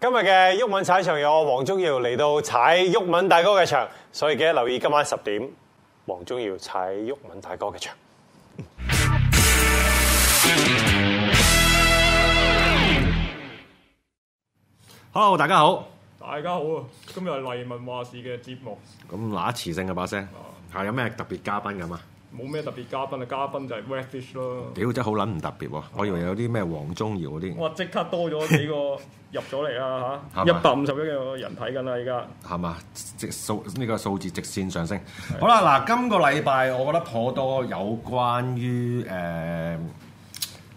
今日嘅毓民踩場有黃忠耀嚟到踩毓民大哥嘅場，所以記得留意今晚十點，黃忠耀踩毓民大哥嘅場。Hello，大家好，大家好啊！今日係黎民話事嘅節目，咁嗱，磁性嘅把聲係有咩特別嘉賓咁啊？冇咩特別的嘉賓啊，嘉賓就係 Red Fish 咯。屌真係好撚唔特別喎、啊！是的 我以為有啲咩黃宗耀嗰啲。哇！即刻多咗幾個入咗嚟啦嚇，一百五十億嘅人睇緊啦而家。係嘛？數呢、呢個數字直線上升。是的 好啦，嗱，今個禮拜我覺得頗多有關於誒、呃、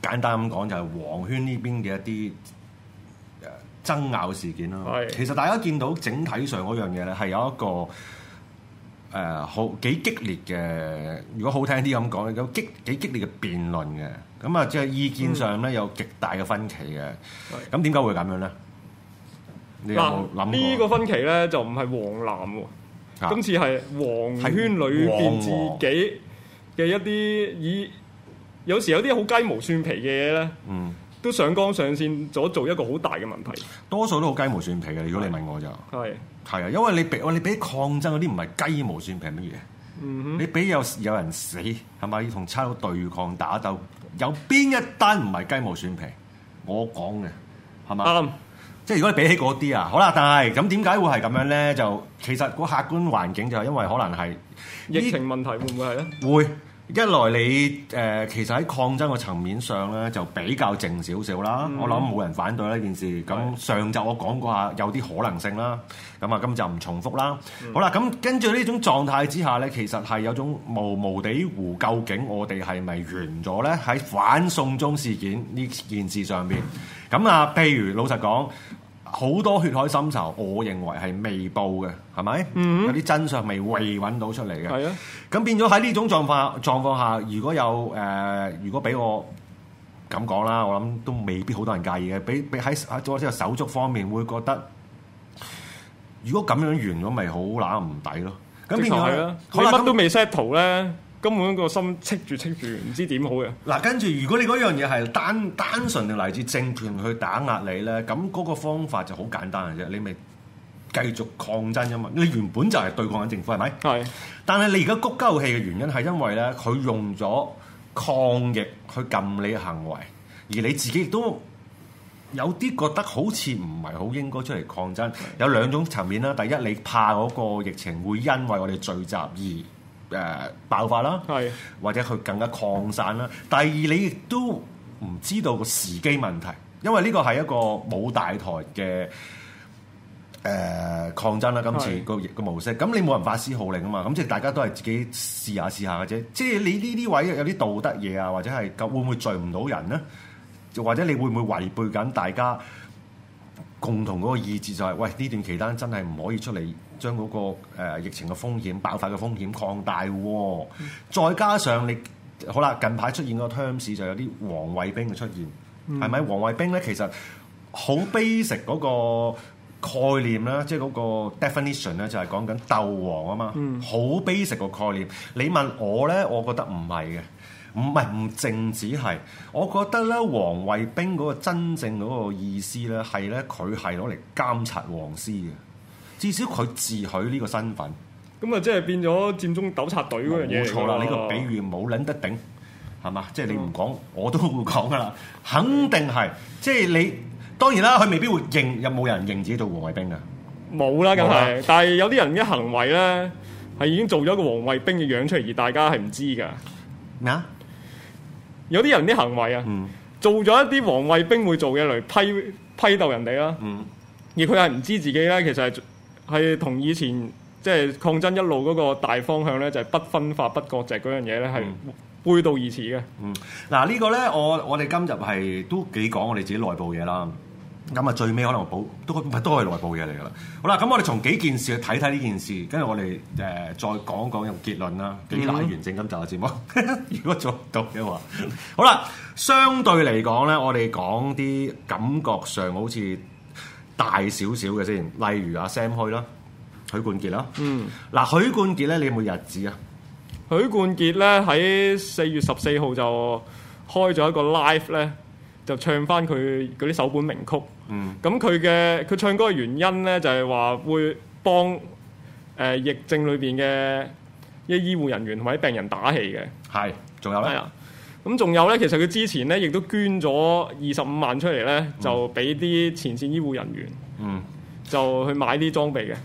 簡單咁講就係黃圈呢邊嘅一啲爭拗事件咯。係。是的 其實大家見到整體上嗰樣嘢咧，係有一個。誒、呃、好幾激烈嘅，如果好聽啲咁講，有激幾激烈嘅辯論嘅，咁啊即係意見上咧、嗯、有極大嘅分歧嘅，咁點解會咁樣咧？嗱、啊，呢個分歧咧就唔係黃藍喎、哦，啊、今次係黃圈裏邊自己嘅一啲以，有時候有啲好雞毛蒜皮嘅嘢咧，嗯，都上綱上線咗做，做一個好大嘅問題，多數都好雞毛蒜皮嘅。如果你問我就係。係啊，因為你俾你俾抗爭嗰啲唔係雞毛蒜皮乜嘢，嗯、哼你俾有有人死係咪要同差佬對抗打鬥？有邊一單唔係雞毛蒜皮？我講嘅係咪？啱，嗯、即係如果你比起嗰啲啊，好啦，但係咁點解會係咁樣咧？就其實個客觀環境就係因為可能係疫情問題會唔會係咧？會。一來你誒、呃、其實喺抗爭個層面上咧就比較靜少少啦，嗯、我諗冇人反對呢件事。咁上集我講過下有啲可能性啦，咁啊咁就唔重複啦。嗯、好啦，咁跟住呢種狀態之下咧，其實係有種無無地糊，究竟我哋係咪完咗咧？喺反送中事件呢件事上面。咁啊，譬如老實講。好多血海深仇，我認為係未報嘅，係咪？Mm hmm. 有啲真相未未搵到出嚟嘅。係啊、mm，咁、hmm. 變咗喺呢種狀況狀況下，如果有誒、呃，如果俾我咁講啦，我諗都未必好多人介意嘅。俾俾喺喺左即係手足方面會覺得，如果咁樣完咗，咪好揦唔抵咯。咁變咗，佢乜都未 set 圖咧。根本一個心戚住戚住，唔知點好嘅。嗱，跟住如果你嗰樣嘢係單單純嚟自政權去打壓你咧，咁嗰個方法就好簡單嘅啫，你咪繼續抗爭吖嘛。你原本就係對抗緊政府係咪？係。是 但係你而家谷鳩氣嘅原因係因為咧，佢用咗抗疫去禁你嘅行為，而你自己亦都有啲覺得好似唔係好應該出嚟抗爭。有兩種層面啦，第一，你怕嗰個疫情會因為我哋聚集而。誒、呃、爆發啦，是的 或者佢更加擴散啦。第二，你亦都唔知道個時機問題，因為呢個係一個冇大台嘅誒、呃、抗爭啦。今次個個模式，咁是的 你冇人發施號令啊嘛，咁即係大家都係自己試下試下嘅啫。即係你呢啲位置有啲道德嘢啊，或者係會唔會聚唔到人呢？又或者你會唔會違背緊大家共同嗰個意志？就係、是、喂，呢段期間真係唔可以出嚟，將嗰、那個、呃、疫情嘅風險爆發嘅風險擴大，再加上你好啦，近排出現個 terms 就有啲黃衞兵嘅出現，係咪黃衞兵咧？其實好 basic 嗰個概念啦，即係嗰個 definition 咧，就係講緊鬥黃啊嘛，好 basic 個概念。你問我咧，我覺得唔係嘅，唔係唔淨止係，我覺得咧黃衞兵嗰個真正嗰個意思咧，係咧佢係攞嚟監察黃絲嘅。至少佢自許呢個身份，咁啊，即係變咗佔中糾察隊嗰樣嘢。冇錯啦，呢個比喻冇撚得頂，係嘛？嗯、即係你唔講，我都會講噶啦。肯定係，即係你當然啦，佢未必會認，有冇人認自己做黃衞兵噶？冇啦，梗係。了但係有啲人嘅行為咧，係已經做咗個黃衞兵嘅樣出嚟，而大家係唔知噶。咩麼有啲人啲行為啊，嗯、做咗一啲黃衞兵會做嘅嚟批批鬥人哋啦。嗯、而佢係唔知自己咧，其實係。係同以前即係抗爭一路嗰個大方向咧，就係、是、不分化不割席嗰樣嘢咧，係背道而馳嘅、嗯。嗯，嗱、這個、呢個咧，我我哋今日係都幾講我哋自己內部嘢啦。咁啊，最尾可能保都係都係內部嘢嚟噶啦。好啦，咁我哋從幾件事去睇睇呢件事，跟住我哋誒、呃、再講講個結論啦。幾大完整咁就下節目，嗯、 如果做唔到嘅話，好啦。相對嚟講咧，我哋講啲感覺上好似。大少少嘅先，例如阿 Sam 開啦，許冠傑啦。嗯，嗱，許冠傑咧，你有冇日子啊？許冠傑咧喺四月十四號就開咗一個 live 咧，就唱翻佢嗰啲首本名曲。嗯，咁佢嘅佢唱歌嘅原因咧，就係話會幫誒、呃、疫症裏邊嘅一啲醫護人員同埋病人打氣嘅。係，仲有咧？係啊。咁仲有咧，其實佢之前咧亦都捐咗二十五萬出嚟咧，就俾啲前線醫護人員，就去買啲裝備嘅。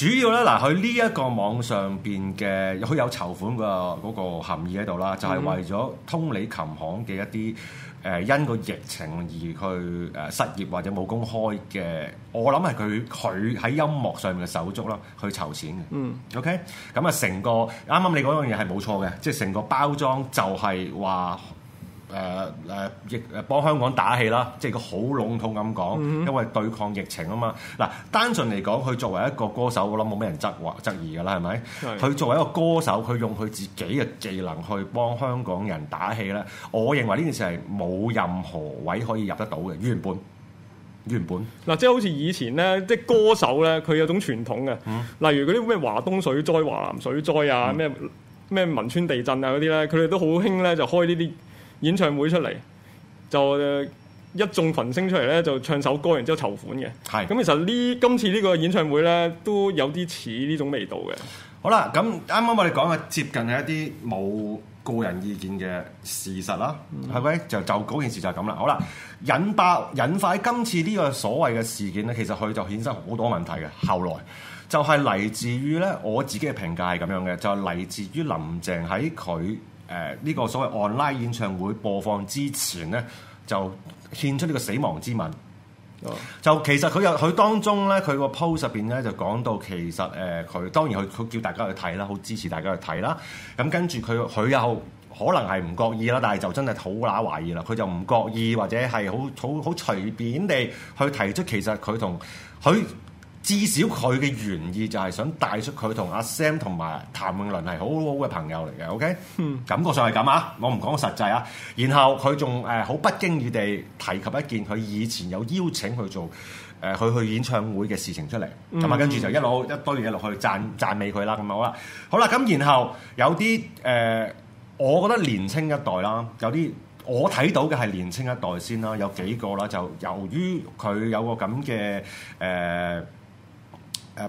主要咧，嗱佢呢一個網上面嘅佢有籌款個嗰個含義喺度啦，就係、是、為咗通理琴行嘅一啲誒、呃、因個疫情而去失業或者冇工開嘅，我諗係佢佢喺音樂上面嘅手足啦去籌錢嘅。嗯，OK，咁啊成個啱啱你嗰樣嘢係冇錯嘅，即係成個包裝就係話。誒誒，疫、呃、幫香港打氣啦，即係佢好籠統咁講，因為對抗疫情啊嘛。嗱，單純嚟講，佢作為一個歌手，我諗冇咩人質或質疑㗎喇，係咪？佢是的 作為一個歌手，佢用佢自己嘅技能去幫香港人打氣咧。我認為呢件事係冇任何位可以入得到嘅，原本原本嗱，即係好似以前咧，即係歌手咧，佢有種傳統嘅，例如嗰啲咩華東水災、華南水災啊，咩咩汶川地震啊嗰啲咧，佢哋都好興咧就開呢啲。演唱會出嚟就一眾群星出嚟咧，就唱首歌，然之後籌款嘅。係咁是，其實呢今次呢個演唱會咧，都有啲似呢種味道嘅。好啦，咁啱啱我哋講嘅接近係一啲冇個人意見嘅事實啦，係咪、嗯？就就嗰件事就係咁啦。好啦，引發引發今次呢個所謂嘅事件咧，其實佢就衍生好多問題嘅。後來就係嚟自於咧我自己嘅評價係咁樣嘅，就係嚟自於林鄭喺佢。誒呢、呃這個所謂 online 演唱會播放之前呢，就獻出呢個死亡之吻。就其實佢又佢當中呢，佢個 post 入邊呢，就講到其實誒佢、呃、當然佢佢叫大家去睇啦，好支持大家去睇啦。咁跟住佢佢又可能係唔覺意啦，但係就真係好乸懷疑啦。佢就唔覺意或者係好好好隨便地去提出其實佢同佢。至少佢嘅原意就係想帶出佢同阿 Sam 同埋譚詠麟係好好嘅朋友嚟嘅，OK？、嗯、感覺上係咁啊，我唔講實際啊。然後佢仲好不經意地提及一件佢以前有邀請佢做佢、呃、去，去演唱會嘅事情出嚟，咁啊、嗯、跟住就一路一堆嘢落去讚讚美佢啦，咁好啦，好啦。咁然後有啲誒、呃，我覺得年青一代啦，有啲我睇到嘅係年青一代先啦，有幾個啦，就由於佢有個咁嘅誒。呃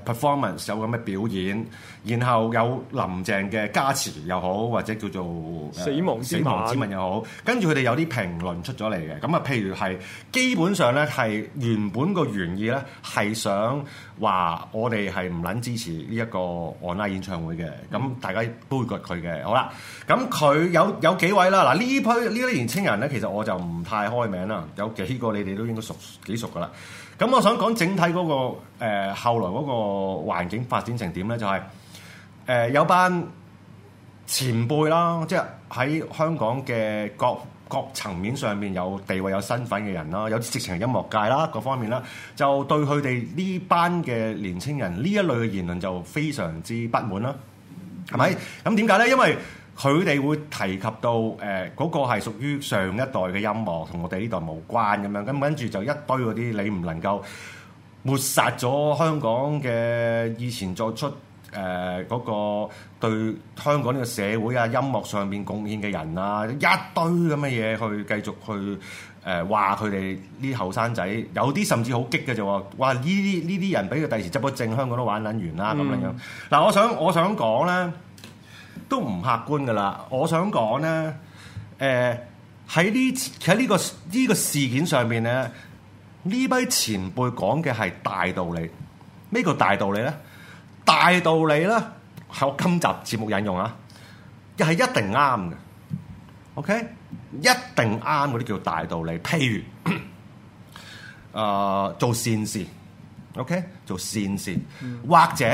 Performance 有咁嘅表演，然後有林鄭嘅加持又好，或者叫做死亡死亡之吻又好，跟住佢哋有啲評論出咗嚟嘅。咁啊，譬如係基本上咧，係原本個原意咧係想話我哋係唔撚支持呢一個 online 演唱會嘅，咁、嗯、大家杯葛佢嘅。好啦，咁佢有有幾位啦？嗱，呢批呢啲年輕人咧，其實我就唔太開名啦。有幾個你哋都應該熟幾熟㗎啦。咁我想講整體嗰、那個誒、呃、後來嗰個環境發展成點咧？就係、是、誒、呃、有班前輩啦，即係喺香港嘅各各層面上面有地位有身份嘅人啦，有啲直情係音樂界啦，各方面啦，就對佢哋呢班嘅年青人呢一類嘅言論就非常之不滿啦，係咪、嗯？咁點解咧？因為佢哋會提及到誒嗰、呃嗰個係屬於上一代嘅音樂，同我哋呢代無關咁樣，咁跟住就一堆嗰啲你唔能夠抹殺咗香港嘅以前作出嗰、呃嗰個對香港呢個社會啊音樂上面貢獻嘅人啊，一堆咁嘅嘢去繼續去誒話佢哋呢啲後生仔，有啲甚至好激嘅就話，哇呢啲呢啲人俾佢第時執咗證，香港都玩撚完啦咁、嗯、樣。嗱，我想我想講咧。都唔客觀噶啦，我想講咧，誒喺呢喺呢個呢、呢個事件上面咧，呢班前輩講嘅係大道理。咩叫大道理咧？大道理咧，係我今集節目引用啊，又係一定啱嘅。OK，一定啱嗰啲叫大道理。譬如，誒、 呃、做善事，OK 做善事，嗯、或者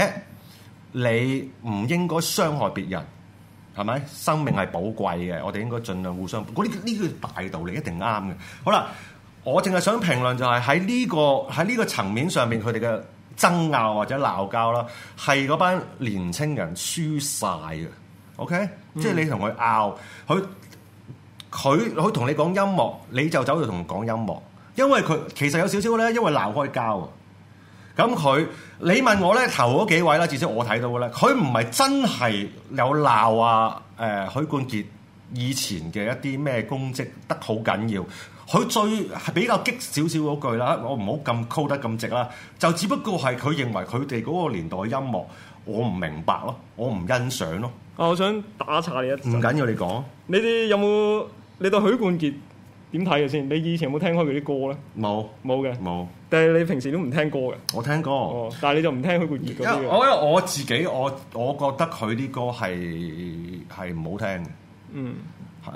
你唔應該傷害別人。係咪？生命係寶貴嘅，我哋應該盡量互相。嗰啲呢個大道理一定啱嘅。好啦，我淨係想評論就係喺呢個喺呢個層面上面，佢哋嘅爭拗或者鬧交啦，係嗰班年青人輸晒嘅。OK，嗯，即係你同佢拗，佢佢佢同你講音樂，你就走去同佢講音樂，因為佢其實有少少咧，因為鬧開交啊。咁佢，你問我咧頭嗰幾位啦，至少我睇到嘅咧，佢唔係真係有鬧呀、啊。誒、呃、許冠傑以前嘅一啲咩功績得好緊要。佢最係比較激少少嗰句啦，我唔好咁 call 得咁直啦，就只不過係佢認為佢哋嗰個年代音樂我，我唔明白咯，我唔欣賞咯。啊，我想打岔你一陣，唔緊要，你講。你哋有冇你對許冠傑？點睇嘅先？你以前有冇聽開佢啲歌咧？冇，冇嘅，冇。但係你平時都唔聽歌嘅、哦。我聽歌，但係你就唔聽許冠傑嗰啲嘅。我因為我自己，我我覺得佢啲歌係係唔好聽嘅。嗯，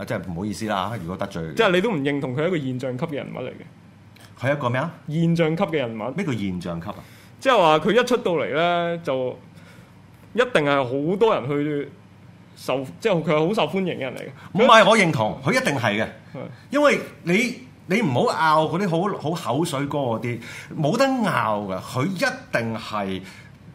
即係唔好意思啦，如果得罪。即係你都唔認同佢係一個現象級嘅人物嚟嘅。佢係一個咩啊？現象級嘅人物。咩叫現象級啊？即係話佢一出到嚟咧，就一定係好多人去。受即係佢係好受歡迎嘅人嚟嘅，唔係我認同，佢一定係嘅，是的 因為你你唔好拗嗰啲好好口水歌嗰啲，冇得拗嘅，佢一定係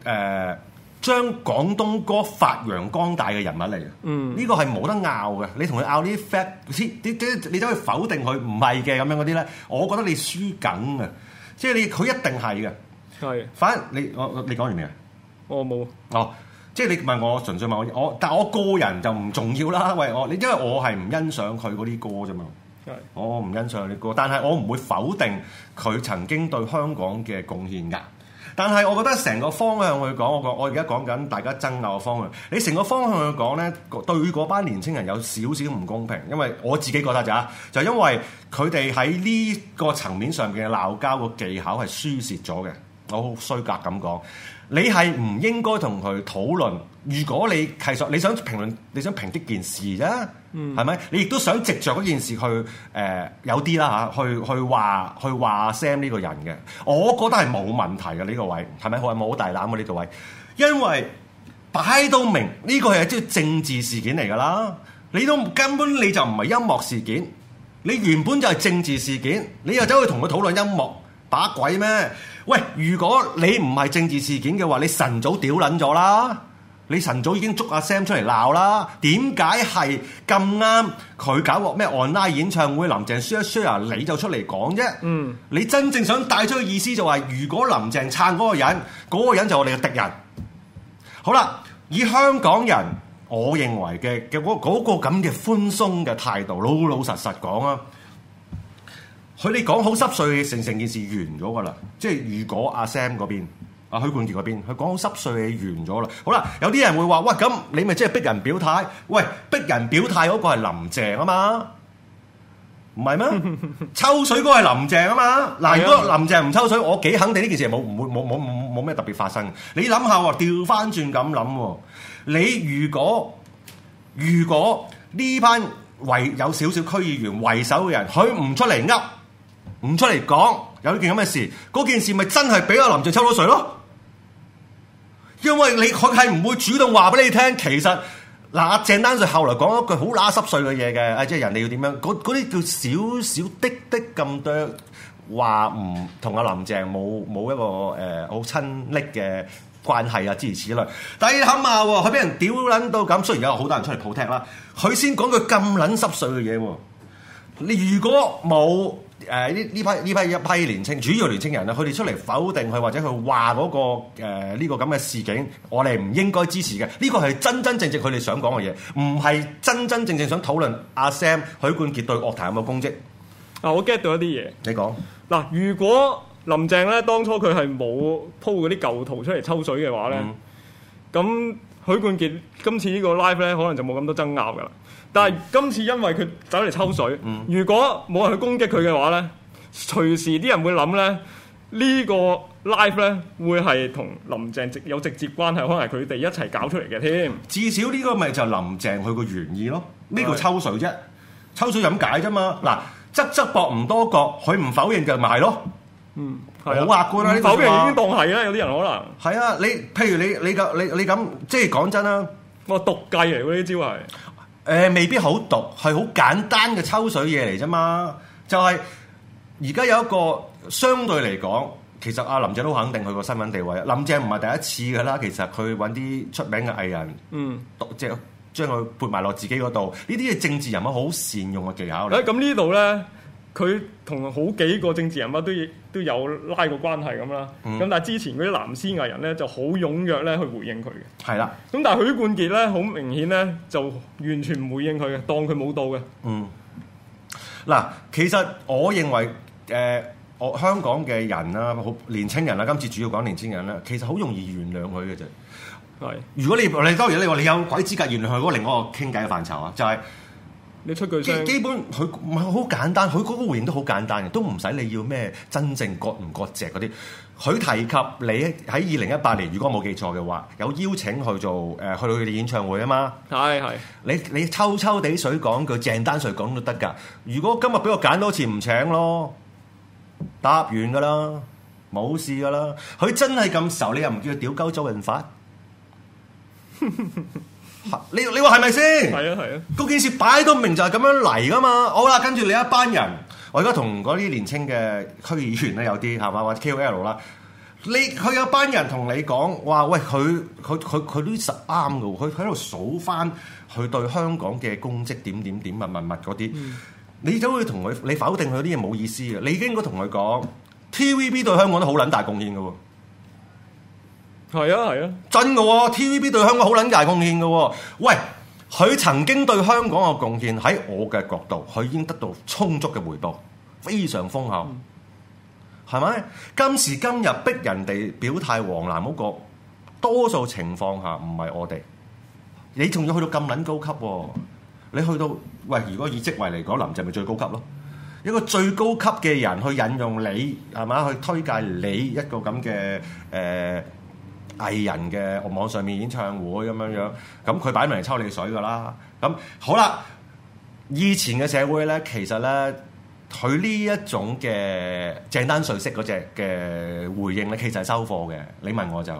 誒將廣東歌發揚光大嘅人物嚟嘅，嗯，呢個係冇得拗嘅，你同佢拗呢啲 fact，你你你你都可以否定佢唔係嘅咁樣嗰啲咧，我覺得你輸梗嘅，即係你佢一定係嘅，係是的，反你我你講完未啊？我冇，哦。即係你問我，我純粹問我，我但係我個人就唔重要啦。喂我，你因為我係唔欣賞佢嗰啲歌啫嘛，的我唔欣賞佢啲歌，但係我唔會否定佢曾經對香港嘅貢獻㗎。但係我覺得成個方向去講，我而家講我而家講緊大家爭拗嘅方向，你成個方向去講咧，對嗰班年青人有少少唔公平，因為我自己覺得咋，就係、因為佢哋喺呢個層面上嘅鬧交嘅技巧係輸蝕咗嘅，我好衰格咁講。你係唔應該同佢討論。如果你其實，其實你想評論，你想評擊件事啫，係咪、嗯？你亦都想藉着嗰件事去誒、呃、有啲啦嚇，去去話去話 Sam 呢個人嘅，我覺得係冇問題嘅呢、呢個位，係咪？我係冇大膽嘅呢個位，因為擺到明呢、呢個係一啲政治事件嚟噶啦，你都根本你就唔係音樂事件，你原本就係政治事件，你又走去同佢討論音樂。打鬼咩？喂，如果你唔係政治事件嘅話，你晨早屌捻咗啦！你晨早已經捉阿 Sam 出嚟鬧啦，點解係咁啱佢搞個咩 online 演唱會？林鄭 share share 你就出嚟講啫。嗯，你真正想帶出嘅意思就係，如果林鄭撐嗰個人，嗰個人就我哋嘅敵人。好啦，以香港人我認為嘅嘅嗰嗰個咁嘅寬鬆嘅態度，老老實實講啊。佢哋講好濕碎，成成件事完咗噶啦！即係如果阿 Sam 嗰邊，阿許冠傑嗰邊，佢講好濕碎，完咗啦。好啦，有啲人會話：喂，咁你咪即係逼人表態？喂，逼人表態嗰個係林鄭啊嘛，唔係咩？抽水嗰個係林鄭啊嘛。嗱，如果林鄭唔抽水，我幾肯定呢件事係冇，冇冇冇冇冇咩特別發生。你諗下喎，調翻轉咁諗喎，你如果如果呢班為有少少區議員為首嘅人，佢唔出嚟噏。唔出嚟講有呢件咁嘅事，嗰件事咪真係俾阿林鄭抽到水咯？因為你佢係唔會主動話俾你聽。其實嗱，阿鄭丹瑞後來講一句好撚濕碎嘅嘢嘅，即係人哋要點樣？嗰啲叫少少滴滴咁多話唔同阿林鄭冇冇一個誒好親暱嘅關係啊，諸如此類。但你諗下嘛？佢俾人屌撚到咁，雖然有好多人出嚟普踢啦，佢先講句咁撚濕碎嘅嘢喎。你如果冇，誒呢呢批呢批一批年青，主要年青人咧，佢哋出嚟否定佢或者佢話嗰個呢、呃這個咁嘅事件，我哋唔應該支持嘅。呢個係真真正正佢哋想講嘅嘢，唔係真真正正，正想討論阿 Sam 許冠傑對樂壇有冇貢獻啊，我 get 到一啲嘢。你講說嗱，如果林鄭咧當初佢係冇鋪嗰啲舊圖出嚟抽水嘅話咧，咁、嗯、許冠傑今次個呢個 live 咧，可能就冇咁多爭拗噶啦。但係今次因為佢走嚟抽水，如果冇人去攻擊佢嘅話咧，隨時啲人會諗咧，呢個 live 咧會係同林鄭直有直接關係，可能係佢哋一齊搞出嚟嘅添。至少呢個咪就係林鄭佢個原意咯，呢是的 個抽水啫，抽水就咁解啫嘛。嗱是的，側側膊唔多角，佢唔否認就咪係咯。嗯的，冇話噶啦，你否認已經當係啦，有啲人可能係啊。你譬如你你咁你你咁，即係講真啦，我、哦、毒計嚟嘅呢招係。誒未必好毒，係好簡單嘅抽水嘢嚟啫嘛。就係而家有一個相對嚟講，其實阿林鄭都肯定佢個身份地位。林鄭唔係第一次㗎啦，其實佢揾啲出名嘅藝人，嗯，即係將佢撥埋落自己嗰度。呢啲係政治人物好善用嘅技巧嚟。咁、欸、呢度咧。佢同好幾個政治人物都都有拉過關係咁啦，咁但係之前嗰啲藍絲藝人咧就好踴躍咧去回應佢嘅。係啦，咁但係許冠傑咧好明顯咧就完全唔回應佢嘅，當佢冇到嘅。嗯，嗱，其實我認為誒，我、呃、香港嘅人啦，好年青人啦，今次主要講年青人啦，其實好容易原諒佢嘅啫。係，如果你你當然你話你有鬼資格原諒佢，嗰另外一個傾偈嘅範疇啊，就係、是。你出句聲，基本佢唔係好簡單，佢嗰個回應都好簡單嘅，都唔使你要咩真正割唔割席嗰啲。佢提及你喺二零一八年，如果冇記錯嘅話，有邀請做去做誒去到佢哋演唱會啊嘛。係係是是，你你抽抽地水講句鄭丹瑞講都得㗎。如果今日俾我揀多次唔請咯，答完㗎啦，冇事㗎啦。佢真係咁愁，你又唔叫佢屌鳩周潤發？ 你你話係咪先？係啊係啊，啊件事擺到明就係咁樣嚟噶嘛。好啦，跟住你一班人，我而家同嗰啲年青嘅區議員咧有啲係嘛，或者 K O L 啦，你佢有班人同你講，哇喂，佢佢佢佢呢啲實啱噶，佢喺度數翻佢對香港嘅功績點點點物物物嗰啲，嗯、你點會同佢你否定佢啲嘢冇意思嘅？你應該同佢講，T V B 對香港都好撚大貢獻噶喎。係啊係啊，啊真噶 TVB 對香港好捻大貢獻噶。喂，佢曾經對香港嘅貢獻喺我嘅角度，佢已經得到充足嘅回報，非常豐厚，係咪？嗯？今時今日逼人哋表態，黃藍個多數情況下唔係我哋。你仲要去到咁捻高級，你去到喂，如果以職位嚟講，林鄭咪最高級咯。一個最高級嘅人去引用你，係咪？去推介你一個咁嘅誒。呃藝人嘅網上面演唱會咁樣樣，咁佢擺明嚟抽你水噶啦。咁好啦，以前嘅社會咧，其實咧，佢呢一種嘅鄭丹瑞式嗰隻嘅回應咧，其實係收貨嘅。你問我就，嗰、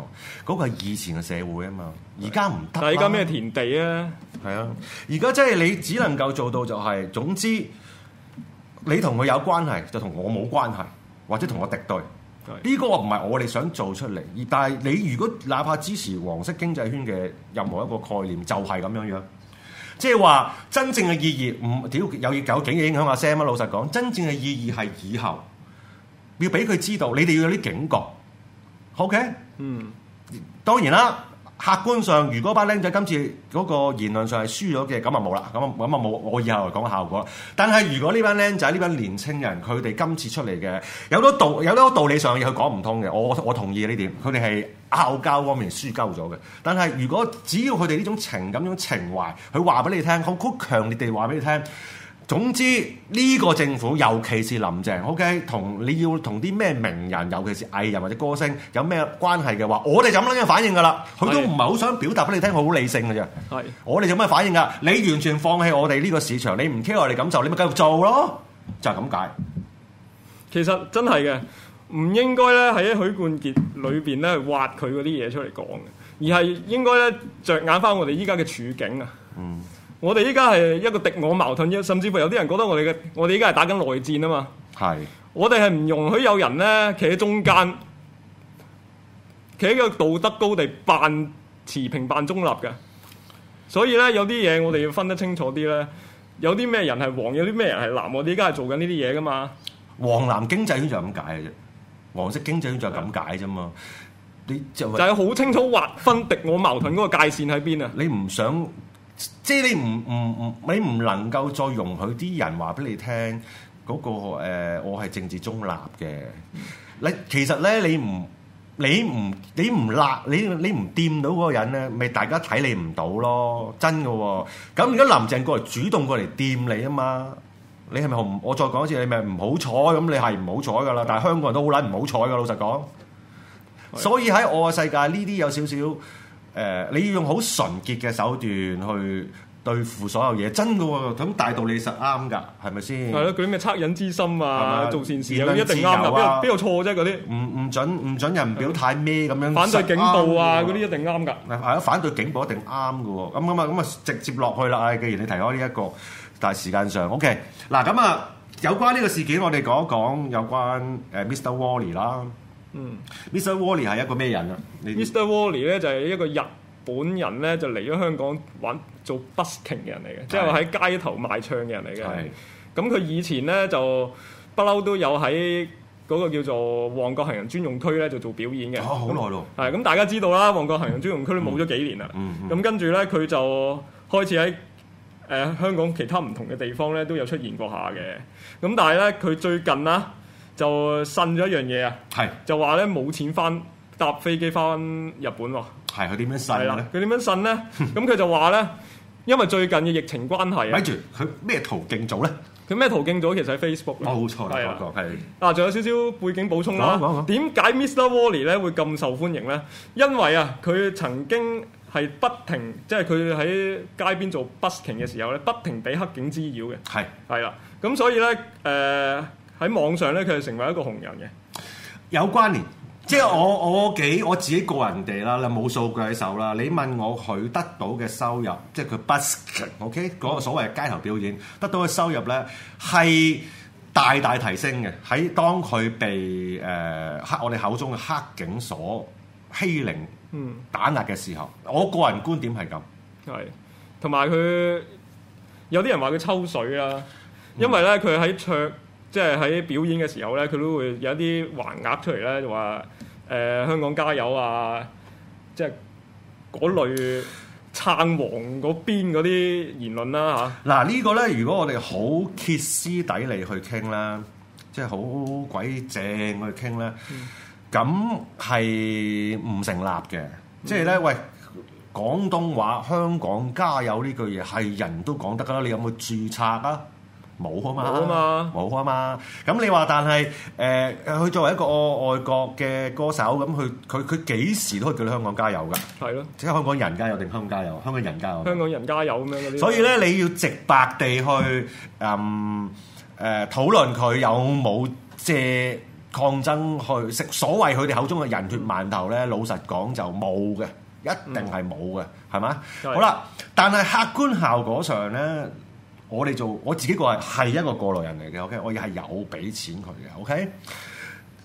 那個係以前嘅社會啊嘛，而家唔得。而家咩田地啊？係啊，而家即係你只能夠做到就係、是，總之你同佢有關係，就同我冇關係，或者同我敵對。呢個唔係我哋想做出嚟，而但係你如果哪怕支持黃色經濟圈嘅任何一個概念，就係咁樣樣，即係話真正嘅意義唔屌有究竟嘅影響阿 Sam 啊！老實講，真正嘅意義係以後要俾佢知道，你哋要有啲警覺。OK？嗯，當然啦。客觀上，如果班僆仔今次嗰個言論上係輸咗嘅，咁啊冇啦，咁啊咁啊冇，我以後嚟講效果。但係如果呢班僆仔、呢班年青人，佢哋今次出嚟嘅有好多道、有好多道理上嘅嘢，佢講唔通嘅，我我同意呢點。佢哋係拗交方面輸鳩咗嘅。但係如果只要佢哋呢種情感、呢種情懷，佢話俾你聽，好強烈地話俾你聽。總之呢個政府，尤其是林鄭，OK，同你要同啲咩名人，尤其是藝人或者歌星有咩關係嘅話，我哋就咁樣嘅反應噶啦。佢都唔係好想表達俾你聽，佢好理性嘅啫。係，是的 我哋有咩反應啊？你完全放棄我哋呢個市場，你唔 care 我哋感受，你咪繼續做咯。就係咁解。其實真係嘅，唔應該咧喺許冠傑裏邊咧挖佢嗰啲嘢出嚟講嘅，而係應該咧着眼翻我哋依家嘅處境啊。嗯。我哋依家係一個敵我矛盾，甚至乎有啲人覺得我哋嘅我哋依家係打緊內戰啊嘛。係，我哋係唔容許有人咧企喺中間，企喺個道德高地扮持平、扮中立嘅。所以咧，有啲嘢我哋要分得清楚啲咧。有啲咩人係黃，有啲咩人係藍，我哋依家係做緊呢啲嘢噶嘛。黃藍經濟圈就係咁解嘅啫，黃色經濟圈就係咁解啫嘛。係。你就係、就係好清楚劃分敵我矛盾嗰個界線喺邊啊？你唔想？即係你唔唔唔，你唔能夠再容許啲人話俾你聽、那、嗰個、呃、我係政治中立嘅。你其實咧，你唔你唔你唔辣，你不你唔掂到嗰個人咧，咪大家睇你唔到咯，真嘅、哦。咁而家林鄭過嚟主動過嚟掂你啊嘛，你係咪我再講一次，你咪唔好彩咁，你係唔好彩噶啦。但係香港人都好撚唔好彩嘅，老實講。所以喺我嘅世界，呢啲有少少。誒、呃，你要用好純潔嘅手段去對付所有嘢，真嘅喎、哦。咁大道理實啱㗎，係咪先？係咯，佢啲咩惻隱之心啊，係咪做善事又一定啱㗎，邊、啊、有邊錯啫嗰啲？唔唔準唔準人表態咩咁的樣？反對警暴啊嗰啲一定啱㗎。啊，反對警暴一定啱㗎喎。咁咁啊，咁啊，直接落去啦。唉，既然你提開呢一個，但係時間上 OK。嗱，咁啊，有關呢個事件，我哋講一講有關 Mr. Wally 啦。嗯、mm.，Mr. Wally 係一個咩人啊？Mr. Wally 咧就係一個日本人咧，就嚟咗香港玩，做 busking 嘅人嚟嘅，即係話喺街頭賣唱嘅人嚟嘅。咁佢的以前咧就不嬲都有喺嗰個叫做旺角行人專用區咧做做表演嘅。好耐咯。係咁，大家知道啦，旺角行人專用區都冇咗幾年啦。咁、嗯嗯嗯、跟住咧，佢就開始喺誒、呃、香港其他唔同嘅地方咧都有出現過下嘅。咁但係咧，佢最近啦。就呻咗一樣嘢啊！係就話咧冇錢翻搭飛機翻日本喎。係佢點樣呻咧？佢點樣呻呢？咁佢 就話呢，因為最近嘅疫情關係啊。咪住佢咩途徑組呢？佢咩途徑組其實喺 Facebook。冇錯啦，嗰係的。啊的，仲有少少背景補充啦。講講講。點解 Mr. Wally 呢咧會咁受歡迎呢？因為啊，佢曾經係不停，即係佢喺街邊做 busking 嘅時候咧，不停俾黑警滋擾嘅。係係啦。咁所以呢。誒、呃。喺網上咧，佢係成為一個紅人嘅有關聯，即係我我幾我自己個人哋啦，就冇數據喺手啦。你問我佢得到嘅收入，即係佢 busk，OK 嗰個所謂的街頭表演得到嘅收入咧，係大大提升嘅。喺當佢被誒黑、呃、我哋口中嘅黑警所欺凌、嗯打壓嘅時候，我個人觀點係咁，係同埋佢有啲人話佢抽水啊，因為咧佢喺唱。嗯即係喺表演嘅時候咧，佢都會有啲橫額出嚟咧，就話誒香港加油啊！即係嗰類撐黃嗰邊嗰啲言論啦、啊、嚇。嗱、這個、呢個咧，如果我哋好歇斯底里去傾啦，即係好鬼正去傾咧，咁係唔成立嘅。即係咧，嗯、喂，廣東話香港加油呢句嘢係人都講得㗎啦，你有冇註冊啊？冇啊嘛，冇啊嘛，冇啊嘛。咁你話，但係誒，佢作為一個外國嘅歌手，咁佢佢佢幾時都可以叫你香港加油㗎？係咯，即係香港人加油定香港加油？香港人加油。香港人加油咩？所以咧，你要直白地去誒討論佢有冇借抗爭去食所謂佢哋口中嘅人血饅頭咧？老實講就冇嘅，一定係冇嘅，係咪？好啦，但係客觀效果上咧。我哋做我自己，個係係一個過來人嚟嘅，OK？我亦係有俾錢佢嘅，OK？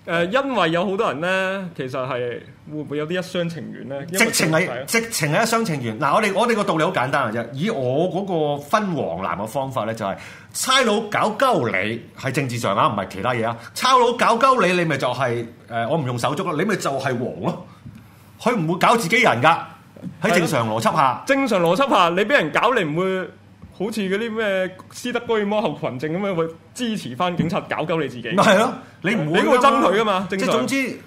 誒，因為有好多人咧，其實係會唔會有啲一廂情願咧？直情係，直情係一廂情願。嗱，我哋我哋個道理好簡單啊，啫！以我嗰個分黃藍嘅方法咧，就係差佬搞鳩你，係政治上啊，唔係其他嘢啊。差佬搞鳩你，你咪就係誒，我唔用手足咯，你咪就係黃咯。佢唔會搞自己人噶，喺正常邏輯下。正常邏輯下，你俾人搞，你唔會。好似嗰啲咩斯德哥爾摩候群症咁樣會支持翻警察搞鳩你自己，咪係咯，你唔會憎佢㗎嘛？即係總之，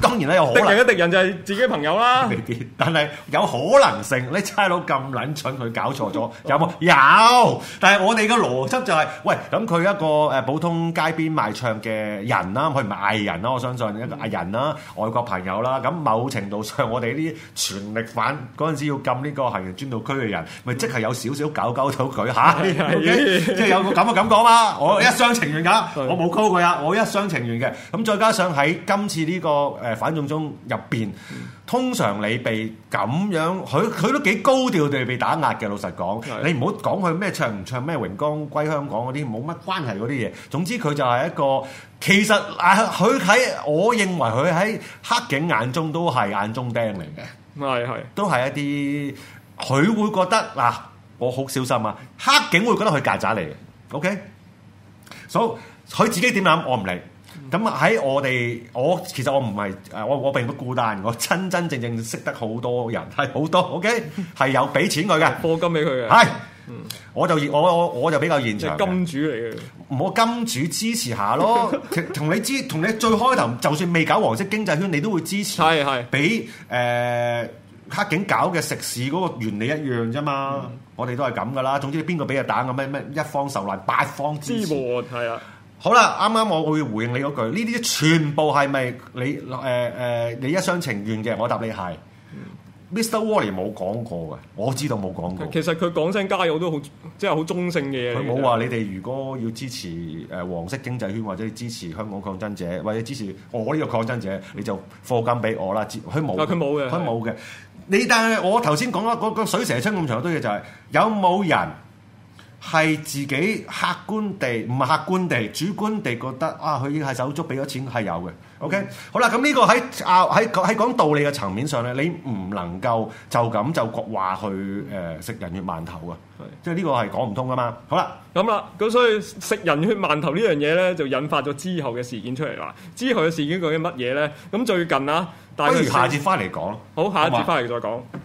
當然啦，有敵人嘅敵人就係自己嘅朋友啦。但係有可能性你差佬咁撚蠢，佢搞錯咗有冇？ 有，但係我哋嘅邏輯就係、是，喂，咁佢一個誒普通街邊賣唱嘅人啦，佢唔係藝人啦，我相信一個藝人啦，外國朋友啦，咁某程度上，我哋呢啲全力反嗰陣時要禁呢個行人專道區嘅人，咪即係有少少搞鳩到佢嚇？即係有個咁嘅感覺嘛。 我 一廂情願噶，我冇 call 佢啊，我一廂情願嘅。咁再加上喺今次呢個誒反送中入邊，通常你被咁樣，佢佢都幾高調地被打壓嘅。老實講，你唔好講佢咩唱唔唱咩榮光歸香港嗰啲冇乜關係嗰啲嘢。總之佢就係一個其實啊，佢喺我認為佢喺黑警眼中都係眼中釘嚟嘅，係係都係一啲佢會覺得嗱，我好小心啊。黑警會覺得佢曱甴嚟嘅，OK。所以佢自己點諗，我唔理。咁喺我哋，我其實我唔係我我並不孤單，我真真正正識得好多人，係好多。OK，係 有俾錢佢嘅是，課金俾佢嘅。係，我就我我我就比較熱情。金主嚟嘅，我金主支持下咯。同 你知，同你最開頭，就算未搞黃色經濟圈，你都會支持。係係是是、呃，俾誒黑警搞嘅食肆嗰個原理一樣啫嘛。我哋都係咁噶啦，總之你邊個俾人打咁咩咩，一方受難，八方支援。係啊，好啦，啱啱我會回應你嗰句，呢啲全部係咪你誒誒、呃呃、你一廂情願嘅？我答你係、嗯，Mr. Wally 冇講過嘅，我知道冇講過。其實佢講聲加油都好，即係好中性嘅嘢。佢冇話你哋如果要支持誒、呃、黃色經濟圈，或者支持香港抗爭者，或者支持我呢個抗爭者，你就課金俾我啦。佢冇，佢冇嘅，佢冇嘅。的你但係我頭先講啦，個個水蛇春咁長一堆嘢就係有冇人？係自己客觀地，唔係客觀地，主觀地覺得啊，佢已經係手足，俾咗錢係有嘅。OK，嗯、好啦，咁呢個喺啊喺喺講道理嘅層面上咧，你唔能夠就咁就話去、呃、食人血饅頭啊！是的 即係呢個係講唔通噶嘛。好啦，咁啦，咁所以食人血饅頭呢樣嘢咧，就引發咗之後嘅事件出嚟啦。之後嘅事件究竟乜嘢咧？咁最近啊，不如下節翻嚟講咯。好，下節翻嚟再講。麼